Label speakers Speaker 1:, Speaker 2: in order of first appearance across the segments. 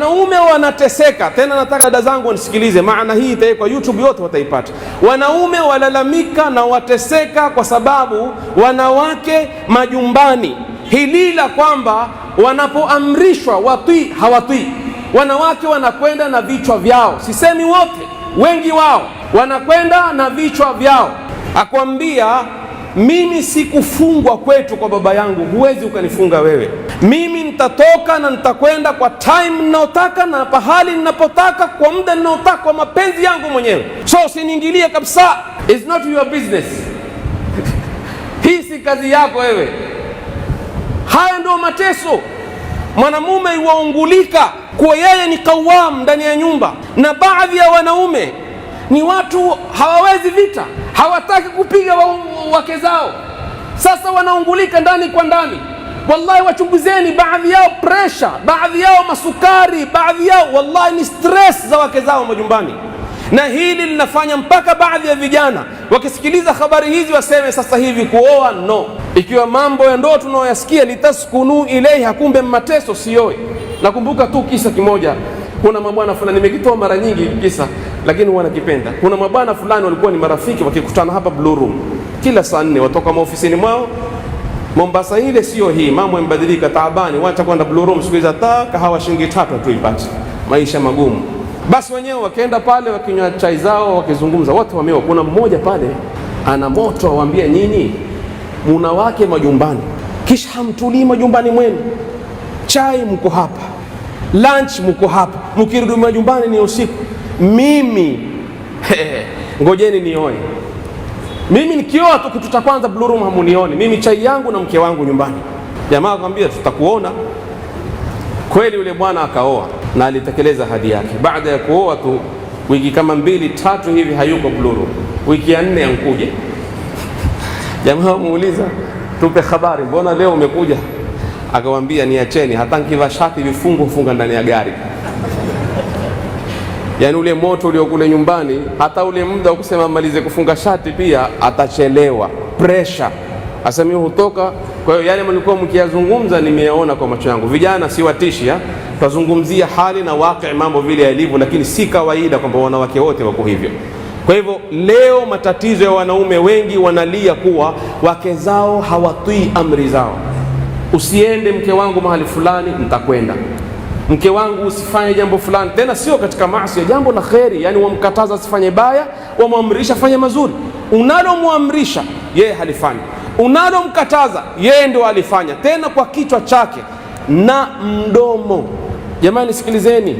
Speaker 1: Wanaume wanateseka tena, nataka dada zangu wanisikilize, maana hii itawekwa YouTube, yote wataipata. Wanaume walalamika na wateseka kwa sababu wanawake majumbani, hilila kwamba wanapoamrishwa watii hawatii. Wanawake wanakwenda na vichwa vyao, sisemi wote, wengi wao wanakwenda na vichwa vyao, akwambia mimi sikufungwa kwetu kwa baba yangu, huwezi ukanifunga wewe. Mimi nitatoka na nitakwenda kwa time ninaotaka na pahali ninapotaka kwa muda ninaotaka kwa mapenzi yangu mwenyewe, so usiniingilie kabisa, it's not your business hii si kazi yako wewe. Haya ndio mateso mwanamume iwaungulika kuwa yeye ni kawam ndani ya nyumba, na baadhi ya wanaume ni watu hawawezi vita, hawataki kupiga wake zao, sasa wanaungulika ndani kwa ndani. Wallahi, wachunguzeni baadhi yao presha, baadhi yao masukari, baadhi yao wallahi ni stress za wake zao majumbani, na hili linafanya mpaka baadhi ya vijana wakisikiliza habari hizi waseme sasa hivi kuoa no. Ikiwa mambo ya ndoa tunaoyasikia litaskunu ilei, hakumbe mateso siyoe. Nakumbuka tu kisa kimoja, kuna mabwana fulani, nimekitoa mara nyingi kisa lakini wanakipenda. Kuna mabwana fulani walikuwa ni marafiki, wakikutana hapa Blue Room kila saa nne, watoka maofisini mwao Mombasa. Ile sio hii, mambo yamebadilika, taabani, wacha kwenda Blue Room siku hizi, taa kahawa shilingi tatu ipate, maisha magumu. Basi wenyewe wakaenda pale, wakinywa chai zao, wakizungumza, watu wameo. Kuna mmoja pale ana moto, awaambia nyinyi muna wake majumbani, kisha hamtulii majumbani mwenu, chai mko hapa, lunch mko hapa, mkirudi majumbani ni usiku mimi ngojeni nione. Mimi nikioa tu kitu cha kwanza blue room, hamunioni mimi, chai yangu na mke wangu nyumbani. Jamaa akamwambia tutakuona. Kweli yule bwana akaoa na alitekeleza hadi yake. Baada ya kuoa tu wiki kama mbili tatu hivi hayuko blue room, wiki ya nne yankuje. Jamaa muuliza tupe habari, mbona leo umekuja? Akamwambia niacheni, hata nikivaa shati vifungo funga ndani ya gari yani ule moto uliokule nyumbani, hata ule muda wa kusema malize kufunga shati pia atachelewa, presha asemi hutoka. Kwa hiyo yale mlikuwa mkiyazungumza nimeyaona kwa macho yangu. Vijana siwatishi, tazungumzia hali na waqi, mambo vile yalivyo, lakini si kawaida kwamba wanawake wote wako hivyo. Kwa hivyo leo matatizo ya wanaume wengi, wanalia kuwa wake zao hawatii amri zao. Usiende mke wangu mahali fulani, nitakwenda mke wangu usifanye jambo fulani, tena sio katika maasi ya jambo la kheri, yani wamkataza asifanye baya, wamwamrisha afanye mazuri. Unalomwamrisha yeye halifanyi, unalomkataza yeye ndio alifanya, tena kwa kichwa chake na mdomo. Jamani, sikilizeni,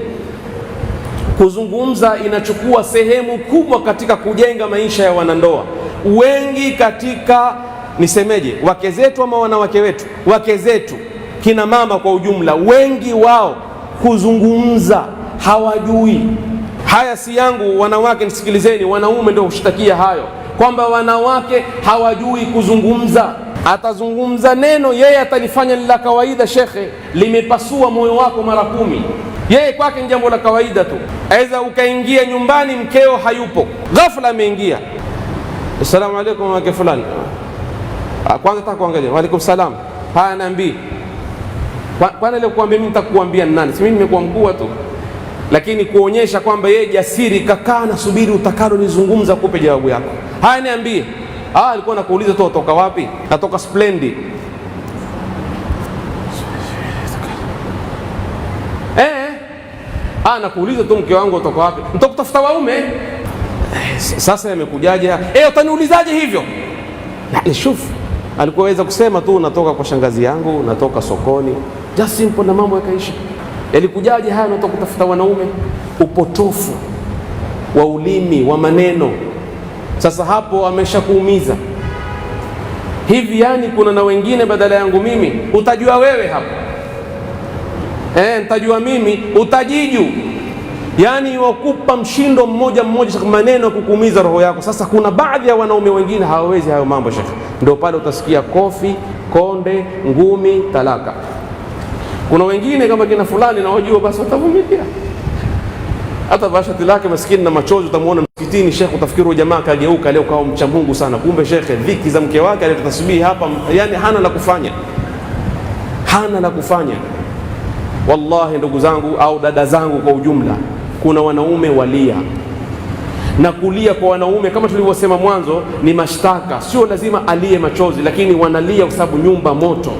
Speaker 1: kuzungumza inachukua sehemu kubwa katika kujenga maisha ya wanandoa wengi katika nisemeje, wake zetu ama wanawake wetu, wake zetu, kina mama kwa ujumla, wengi wao kuzungumza hawajui. Haya si yangu, wanawake nisikilizeni, wanaume ndio hushtakia hayo kwamba wanawake hawajui kuzungumza. Atazungumza neno yeye atalifanya ni la kawaida, shekhe, limepasua moyo wako mara kumi. Yeye kwake ni jambo la kawaida tu. Aweza ukaingia nyumbani, mkeo hayupo, ghafla ameingia, assalamu alaikum wake fulani, ah, kwanza taka kuangalia, waalaikum salam, haya naambii Kwani ile kuambia mimi nitakuambia nani? Si mimi nimekuwa mkuu tu, lakini kuonyesha kwamba yeye jasiri, kakaa na subiri utakalo nizungumza, kupe jawabu yako. Haya, niambie. Ah, alikuwa anakuuliza tu utoka wapi? Natoka Splendid. Eh, eh. ah, nakuuliza tu mke wangu utoka wapi? kutafuta waume. Sasa yamekujaje hapa? Eh, utaniulizaje hivyo? Na nishufu alikuwaweza kusema tu natoka kwa shangazi yangu, natoka sokoni. Just simple na mambo yakaisha. Yalikujaje haya? Nataka kutafuta wanaume, upotofu wa ulimi wa maneno. Sasa hapo ameshakuumiza hivi, yani kuna na wengine badala yangu mimi, utajua wewe hapo eh, nitajua mimi, utajiju yani wakupa mshindo mmoja mmoja, maneno ya kukuumiza roho yako. Sasa kuna baadhi ya wanaume wengine hawawezi hayo mambo shekhe, ndio pale utasikia kofi, konde, ngumi, talaka. Kuna wengine kama kina fulani na wajua, basi watavumilia hata vashati lake maskini na machozi. Utamwona msikitini shekhe, utafikiri huyo jamaa kageuka leo kawa mcha Mungu sana, kumbe shekhe dhiki za mke wake alitasubiri hapa, yani hana la kufanya, hana la kufanya. Wallahi ndugu zangu au dada zangu kwa ujumla, kuna wanaume walia na kulia kwa wanaume kama tulivyosema mwanzo ni mashtaka. Sio lazima alie machozi, lakini wanalia kwa sababu nyumba moto